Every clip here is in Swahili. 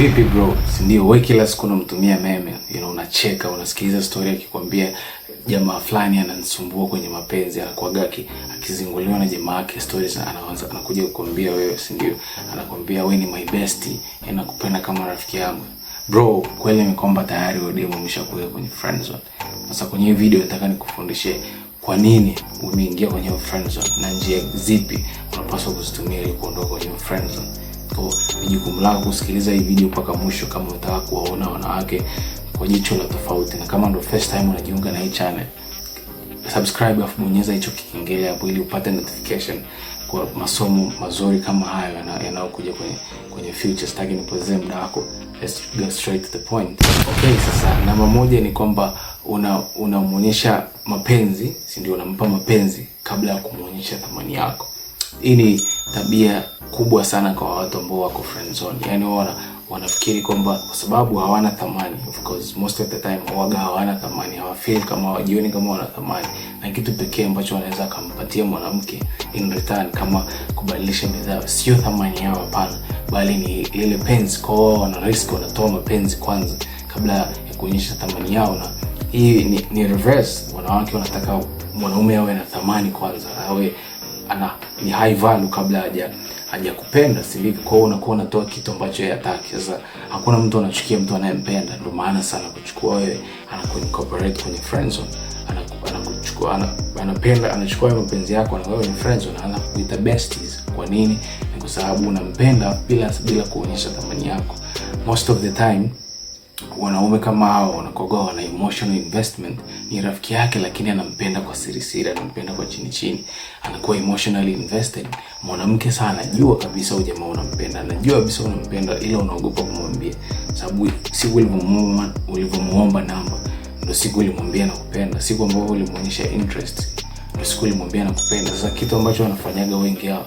Vipi bro, si ndio? Wewe kila siku unamtumia meme, you know, unacheka, unasikiliza story akikwambia jamaa fulani ananisumbua kwenye mapenzi, anakuaga akizinguliwa na jamaa yake stories, anaanza anakuja kukwambia wewe, si ndio? Anakwambia wewe ni my bestie, yaani nakupenda kama rafiki yangu. Bro, kweli ni kwamba tayari wewe demo umeshakuwa kwenye friend zone. Sasa kwenye hii video nataka nikufundishie kwa nini umeingia kwenye friend zone na njia zipi unapaswa kuzitumia ili kuondoka kwenye friend zone. Kwa ni jukumu lako kusikiliza hii video mpaka mwisho, kama unataka kuwaona wanawake kwa jicho la tofauti. Na kama ndio first time unajiunga na hii channel, subscribe afu bonyeza hicho kikengele hapo, ili upate notification kwa masomo mazuri kama hayo yanayokuja kwenye kwenye future. Sitaki nipotezee muda wako, let's go straight to the point. Okay, sasa namba moja ni kwamba una unamuonyesha mapenzi, si ndio? Unampa mapenzi kabla ya kumuonyesha thamani yako. Hii ni tabia kubwa sana kwa watu ambao wako friend zone, yani wana wanafikiri kwamba kwa sababu hawana thamani, of course most of the time waga hawana thamani, hawafeel kama hawajioni kama wana thamani, na kitu pekee ambacho wanaweza akampatia mwanamke in return kama kubadilisha bidhaa sio thamani yao, hapana, bali ni ile pens Kwa hiyo wana risk, wanatoa mapenzi kwanza kabla ya kuonyesha thamani yao, na hii ni, ni reverse. Wanawake wanataka mwanaume awe na thamani kwanza, awe ana ni high value kabla haja haja kupenda siliki. Kwa hiyo unakuwa unatoa kitu ambacho yeye hataki. Sasa hakuna mtu anachukia mtu anayempenda, ndio maana sana kuchukua wewe, anakuincorporate kwenye friend zone, anakuchukua ana, anapenda anachukua wewe mapenzi yako na wewe ni friend zone, anaanza kuita besties. Kwa nini? Ni kwa sababu unampenda bila bila kuonyesha thamani yako most of the time wanaume kama hao wanakoga wana emotional investment. Ni rafiki yake, lakini anampenda kwa siri siri, anampenda kwa chini chini, anakuwa emotionally invested. Mwanamke sana, anajua kabisa huyu jamaa unampenda, anajua kabisa unampenda, ila unaogopa kumwambia, sababu siku ulivyomuomba ulivyomuomba namba ndio siku ulimwambia nakupenda, siku ambayo ulimuonyesha interest ndio siku ulimwambia nakupenda. Sasa kitu ambacho wanafanyaga wengi hao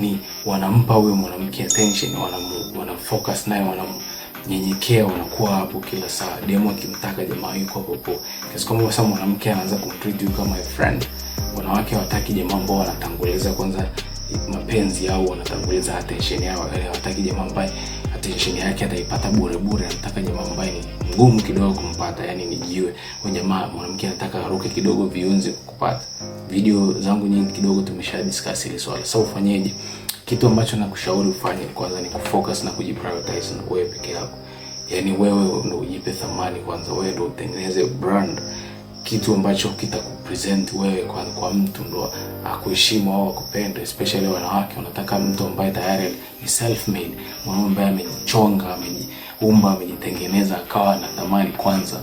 ni wanampa huyo mwanamke attention, wanam, wanafocus naye wanam nyenyekea, unakuwa hapo kila saa. demo akimtaka jamaa yuko hapo hapo, kiasi kwamba sasa mwanamke anaanza kumtreat you kama a friend. Wanawake hawataki jamaa ambao wanatanguliza kwanza mapenzi au wanatanguliza attention yao, wale yaani hawataki jamaa ambaye attention yake ataipata bure bure. Anataka jamaa ambaye ni ngumu kidogo kumpata, yani ni jiwe. Huyo jamaa mwanamke anataka aruke kidogo viunzi kukupata. Video zangu nyingi kidogo tumesha discuss hili swala. Sasa ufanyeje? kitu ambacho nakushauri ufanye kwanza ni kufocus na kujiprioritize wewe peke yako. Yaani wewe ndo ujipe thamani kwanza, wewe ndo utengeneze brand, kitu ambacho kitakupresent wewe kwa, kwa mtu ndo akuheshimu au akupende. Especially wanawake, wanataka mtu ambaye tayari ni self made, mwanaume ambaye amejichonga, amejiumba, amejitengeneza, akawa na thamani kwanza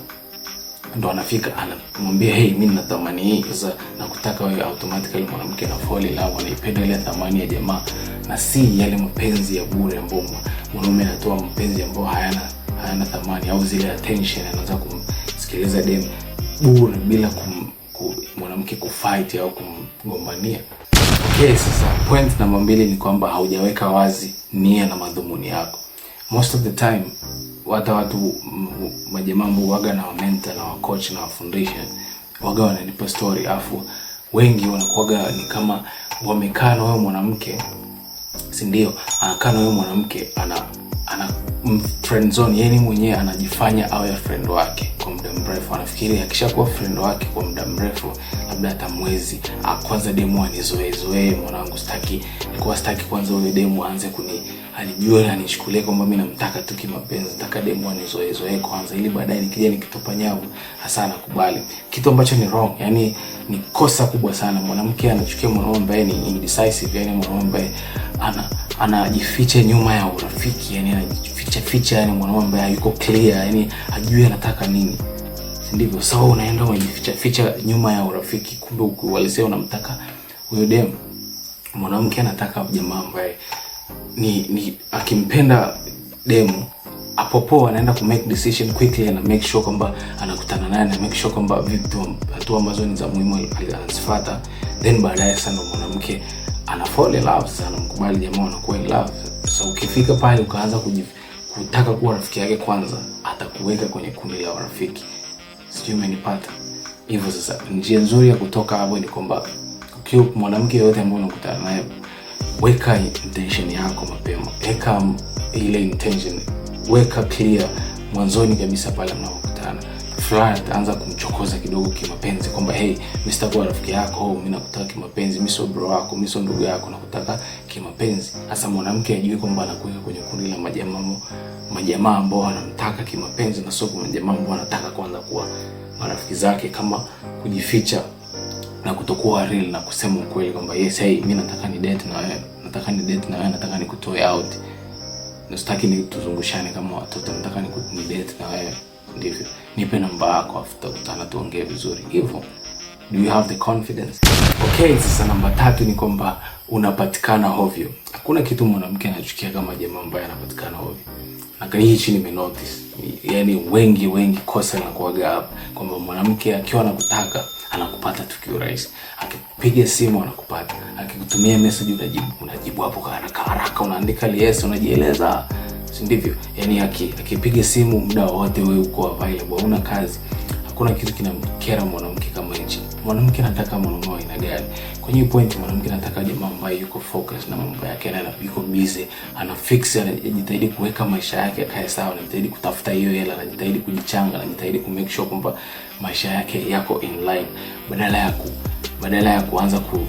ndo anafika anamwambia hey, mimi na thamani hii sasa, nakutaka wewe. Automatically mwanamke na fall love, anaipenda ile thamani ya jamaa na si yale mapenzi ya bure ambayo mwanaume anatoa, mapenzi ambayo hayana hayana thamani au zile attention, anaanza kumsikiliza dem bure bila kum, kum, mwanamke kufight au kumgombania. Okay, sasa point namba mbili ni kwamba haujaweka wazi nia na madhumuni yako most of the time hata watu majamaa waga na wamenta na wacoach na wafundisha waga wananipa story, afu wengi wanakuwaga ni kama wamekaa na wewe mwanamke, si ndio? Anakaa na wewe mwanamke, ana ana friend zone, yeni ni mwenyewe anajifanya awe friend wake kwa muda mrefu, anafikiri akishakuwa friend wake kwa muda mrefu, labda hata mwezi, ah, kwanza demu anizoezoee, mwanangu, sitaki nikuwa, sitaki kwanza huyo demu aanze kuni alijua anichukulia kwamba mimi namtaka tu kimapenzi, nataka demu anizoezoe kwanza, ili baadaye nikija nikitupa nyavu hasa nakubali, kitu ambacho ni wrong, yani ni kosa kubwa sana. Mwanamke anachukia mwanaume ambaye ni indecisive, yani mwanaume ambaye ana anajificha nyuma ya urafiki, yani anajificha ficha, yani mwanaume ambaye hayuko clear, yani hajui anataka nini, si ndivyo? Sawa, so, unaenda unajificha ficha nyuma ya urafiki, kumbe ukiuhalisia unamtaka huyo demu. Mwanamke anataka jamaa ambaye ni, ni akimpenda demu apopo anaenda ku make decision quickly na make sure kwamba anakutana naye na make sure kwamba vitu hatua ambazo ni za muhimu anazifuata, then baadaye sana mwanamke ana fall in love sana, mkubali jamaa, anakuwa in love. So ukifika pale ukaanza kutaka kuwa rafiki yake, kwanza atakuweka kwenye kundi la rafiki, sio umenipata hivyo. Sasa njia nzuri ya kutoka hapo ni kwamba ukiwa mwanamke yote ambaye unakutana naye weka intention yako mapema, weka ile intention, weka clear mwanzoni kabisa pale mnapokutana. Furaha ataanza kumchokoza kidogo kimapenzi, kwamba hey, mimi sitakuwa rafiki yako, mimi oh, nakutaka kimapenzi, mimi sio bro wako, mimi sio ndugu yako, nakutaka kimapenzi. Hasa mwanamke ajui kwamba anakuweka kwenye kundi la majamaa majamaa ambao wanamtaka kimapenzi na sio kwa majamaa ambao wanataka kwanza kuwa marafiki zake, kama kujificha na kutokuwa real na kusema ukweli kwamba yes, hey, mimi nataka ni date na wewe, nataka ni date na wewe, nataka ni kutoe out, nasitaki ni tuzungushane kama watoto, nataka ni ni date na wewe, ndivyo nipe namba yako, afuta kutana tuongee vizuri hivyo. Do you have the confidence? Okay, sasa namba tatu ni kwamba unapatikana hovyo. Hakuna kitu mwanamke anachukia kama jamaa ambaye anapatikana hovyo. Na hii chini nime notice. Yaani wengi wengi kosa na linakuwaga hapa kwamba mwanamke akiwa anakutaka anakupata tukio rahisi, akipiga simu anakupata, akikutumia message unajibu, unajibu hapo haraka haraka, unaandika yes, unajieleza, si ndivyo? Yani akipiga simu muda wote wewe uko available, una kazi, hakuna kitu kinamkera mwanamke kama mwanamke anataka mwanamume aina gani? Kwenye point mwanamke anataka jamaa ambaye yuko focus na mambo yake, na yuko busy, ana fix, anajitahidi kuweka maisha yake akae sawa, anajitahidi kutafuta hiyo hela, anajitahidi kujichanga, anajitahidi ku make sure kwamba maisha yake yako in line, badala ya ku badala ya kuanza ku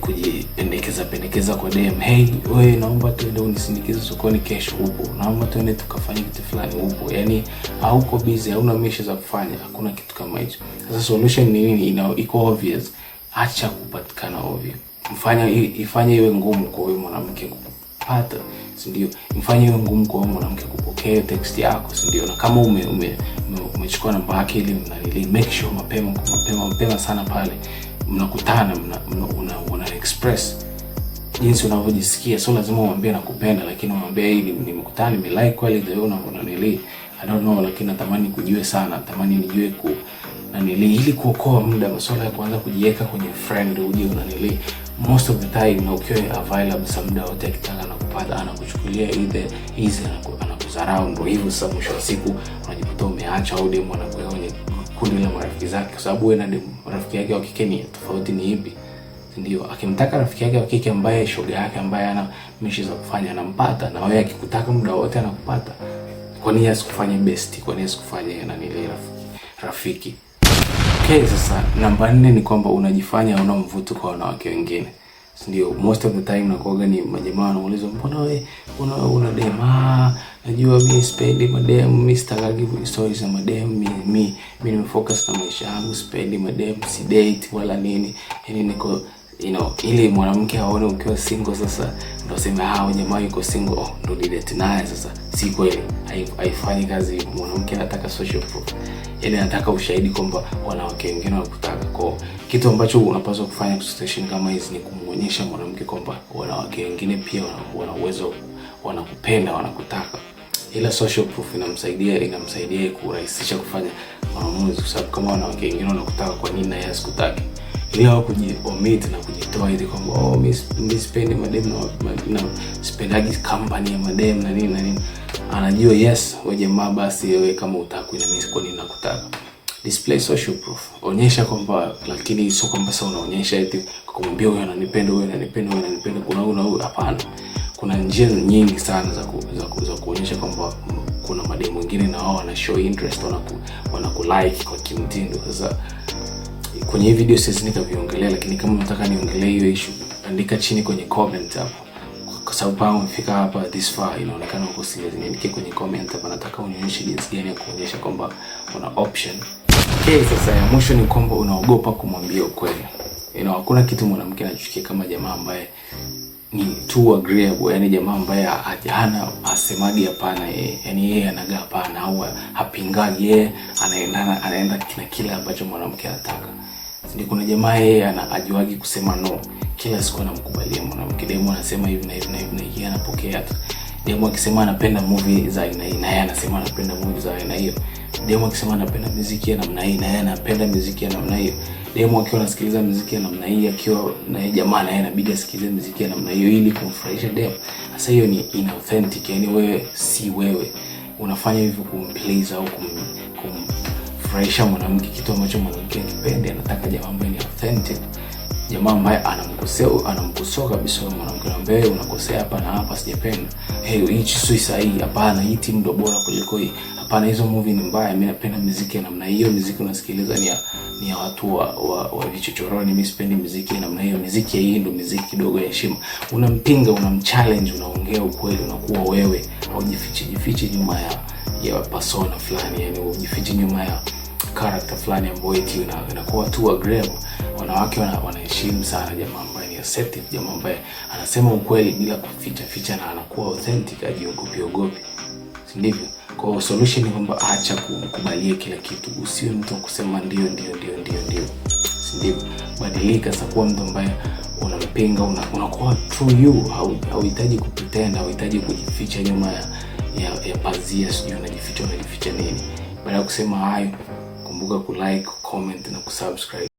kujipendekeza pendekeza kwa DM, hey we, naomba tuende unisindikize sokoni kesho, upo? Naomba tuende tukafanya kitu fulani, upo? Yani hauko busy, hauna mishe za kufanya, hakuna kitu kama hicho. Sasa solution ni nini? Ina iko obvious, acha kupatikana ovyo, mfanya ifanye iwe ngumu kwa wewe mwanamke kupata, si ndio? Mfanye iwe ngumu kwa wewe mwanamke kupokea hiyo text yako, si ndio? Na kama ume, ume, umechukua namba yake ili mnalili, make sure mapema mapema mapema sana pale mnakutana mna, mna, una, una express jinsi unavyojisikia. sio lazima uambie nakupenda, lakini umwambie hii nimekutana, ni nimelike kweli the una unanili I don't know, lakini natamani kujue sana, natamani nijue ku nanili ili kuokoa muda, masuala ya kuanza kujiweka kwenye friend uje unanili most of the time, na ukiwa available sa muda wote, akitaka na nakupata anakuchukulia either easy, anakuzarau Ndio hivyo sasa, mwisho wa siku unajikuta umeacha au demo anakuona kundi la marafiki zake, kwa sababu na rafiki yake wa kike ni tofauti ni ipi? Ndio, akimtaka rafiki yake wa kike ambaye shoga yake ambaye ana mishi za kufanya anampata, na wewe akikutaka muda wote anakupata. Kwa nini asikufanye besti? Kwa nini asikufanye na ile rafiki? Okay, sasa namba nne ni kwamba unajifanya una mvuto kwa wanawake wengine. Ndio, most of the time nakuaga ni majamaa wanauliza, mbona we una una dema? Najua mimi sipendi madem, mimi sitakagi stories za mademu mimi mimi nimefocus na maisha yangu, sipendi madem, si date wala nini, yani niko you know, ili mwanamke aone ukiwa single sasa ndo aseme ah, jamaa yuko single, oh, ndo date naye. Sasa si kweli, haifanyi kazi. Mwanamke anataka social proof, yani anataka ushahidi kwamba wanawake wengine wanakutaka. Kwa kitu ambacho unapaswa kufanya situation kama hizi ni kumwonyesha mwanamke kwamba wanawake wengine pia wana uwezo, wanakupenda, wanakutaka ila social proof inamsaidia inamsaidia kurahisisha kufanya maamuzi, kwa sababu kama wanawake wengine wanakutaka kwa nini na yeye sikutaki, ili hao kujiomit na kujitoa ili kwamba oh, mimi sipendi madem na, na sipendagi company ya madem na nini na nini. Anajua yes wewe jamaa, basi wewe kama utaki na mimi kwa nini nakutaka. Display social proof, onyesha kwamba, lakini sio kwamba sasa unaonyesha eti kumwambia huyu ananipenda, huyu ananipenda, huyu ananipenda, kuna huyu na huyu. Hapana kuna njia nyingi sana za, ku, za, ku, za kuonyesha kwamba kuna mademu wengine na wao wana show interest, wanaku, wanaku like kwa kimtindo. Sasa kwenye hii video siwezi nikaviongelea, lakini kama unataka niongelee hiyo issue, andika chini kwenye comment hapo, kwa sababu paa umefika hapa this far, inaonekana uko serious. Niandikie kwenye comment hapo, nataka unionyeshe jinsi gani ya kuonyesha kwamba una option. Okay, sasa ya mwisho ni kwamba unaogopa kumwambia ukweli. You know, hakuna kitu mwanamke anachukia kama jamaa ambaye ni too agreeable, yani jamaa ambaye hajana asemagi hapana yeye, yani yeye anaga hapana au hapingagi yeye, anaendana anaenda na kile ambacho mwanamke anataka. Ndio kuna jamaa yeye anajuagi kusema no, kila siku anamkubalia mwanamke, demo anasema hivi na hivi na hivi na hivi, anapokea. Demo akisema anapenda movie za aina hii na yeye anasema anapenda movie za aina hiyo. Demo akisema anapenda muziki ya namna hii na yeye anapenda muziki ya namna hiyo demo akiwa anasikiliza muziki ya namna hii, akiwa na jamaa naye inabidi asikilize muziki ya namna hiyo ili kumfurahisha demo. Sasa hiyo ni inauthentic, yani wewe si wewe, unafanya hivyo kumplease au kum, kumfurahisha mwanamke, kitu ambacho mwanamke akipende. Anataka jamaa ambaye ni authentic, jamaa ambaye anamkosea anamkosoa kabisa mwanamke, ambaye unakosea hapa na hapa, sijapenda hey, hichi sio sahihi, hapana, hii timu ndio bora kuliko hii, hapana, hizo movie ni mbaya, mimi napenda muziki na namna hiyo. Muziki unasikiliza ni ya ni ya watu wa, wa, wa vichochoroni. Mimi sipendi muziki namna hiyo. Muziki hii ndio muziki kidogo ya heshima. Unampinga, unamchallenge, unaongea ukweli, unakuwa wewe, haujifichi jifichi nyuma ya ya persona fulani, yani ujifichi nyuma ya character fulani ambayo eti inakuwa tu agreeable. Wanawake wanaheshimu wana sana jamaa ambaye ni assertive, jamaa ambaye anasema ukweli bila kuficha ficha na anakuwa authentic, ajiogopi ogopi, si ndivyo? Kwa solution ni kwamba acha kukubalia kila kitu, usiwe mtu wa kusema ndio ndio ndio ndio ndio, ndio badilika. Sasa kuwa mtu ambaye unampinga, unakuwa true you, hauhitaji kupitenda, hauhitaji kujificha nyuma ya ya, ya pazia, sijui unajificha unajificha nini. Baada ya kusema hayo, kumbuka kulike, comment na kusubscribe.